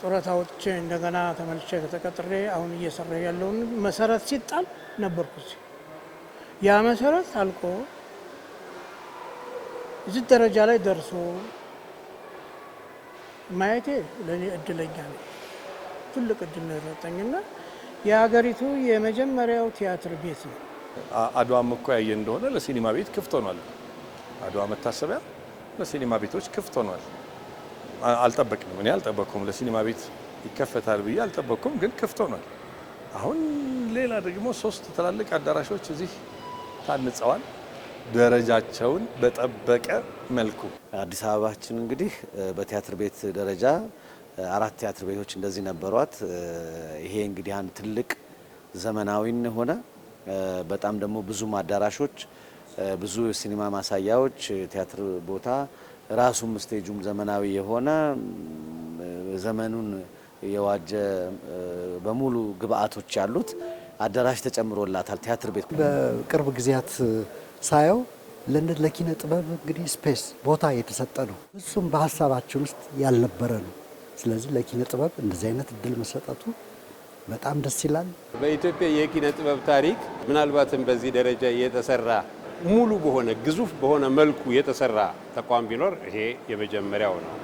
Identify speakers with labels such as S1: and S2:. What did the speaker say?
S1: ጡረታ ወጥቼ እንደገና ተመልሼ ተቀጥሬ አሁን እየሰራ ያለውን መሰረት ሲጣል ነበርኩ። ያ መሰረት አልቆ እዚህ ደረጃ ላይ ደርሶ ማየቴ ለእኔ እድለኛ ነው፣ ትልቅ እድል ነው የሰጠኝና የሀገሪቱ የመጀመሪያው ቲያትር ቤት ነው።
S2: አድዋም እኮ ያየ እንደሆነ ለሲኒማ ቤት ክፍት ሆኗል። አድዋ መታሰቢያ ለሲኒማ ቤቶች ክፍት ሆኗል። አልጠበቅንም። እኔ አልጠበቅኩም። ለሲኒማ ቤት ይከፈታል ብዬ አልጠበቅኩም፣ ግን ክፍት ሆኗል። አሁን ሌላ ደግሞ ሶስት ትላልቅ አዳራሾች እዚህ ታንጸዋል፣ ደረጃቸውን በጠበቀ መልኩ።
S3: አዲስ አበባችን እንግዲህ በቲያትር ቤት ደረጃ አራት ቲያትር ቤቶች እንደዚህ ነበሯት። ይሄ እንግዲህ አንድ ትልቅ ዘመናዊን ሆነ በጣም ደግሞ ብዙ አዳራሾች፣ ብዙ ሲኒማ ማሳያዎች፣ ቲያትር ቦታ ራሱም ስቴጁም ዘመናዊ የሆነ ዘመኑን የዋጀ በሙሉ ግብአቶች ያሉት አዳራሽ ተጨምሮላታል። ቲያትር ቤት
S4: በቅርብ ጊዜያት ሳየው ለኪነ ጥበብ እንግዲህ ስፔስ ቦታ የተሰጠ ነው። እሱም በሀሳባችን ውስጥ ያልነበረ ነው። ስለዚህ ለኪነ ጥበብ እንደዚህ አይነት እድል መሰጠቱ በጣም ደስ ይላል።
S2: በኢትዮጵያ የኪነ ጥበብ ታሪክ ምናልባትም በዚህ ደረጃ እየተሰራ ሙሉ በሆነ ግዙፍ በሆነ መልኩ የተሰራ ተቋም ቢኖር ይሄ የመጀመሪያው ነው።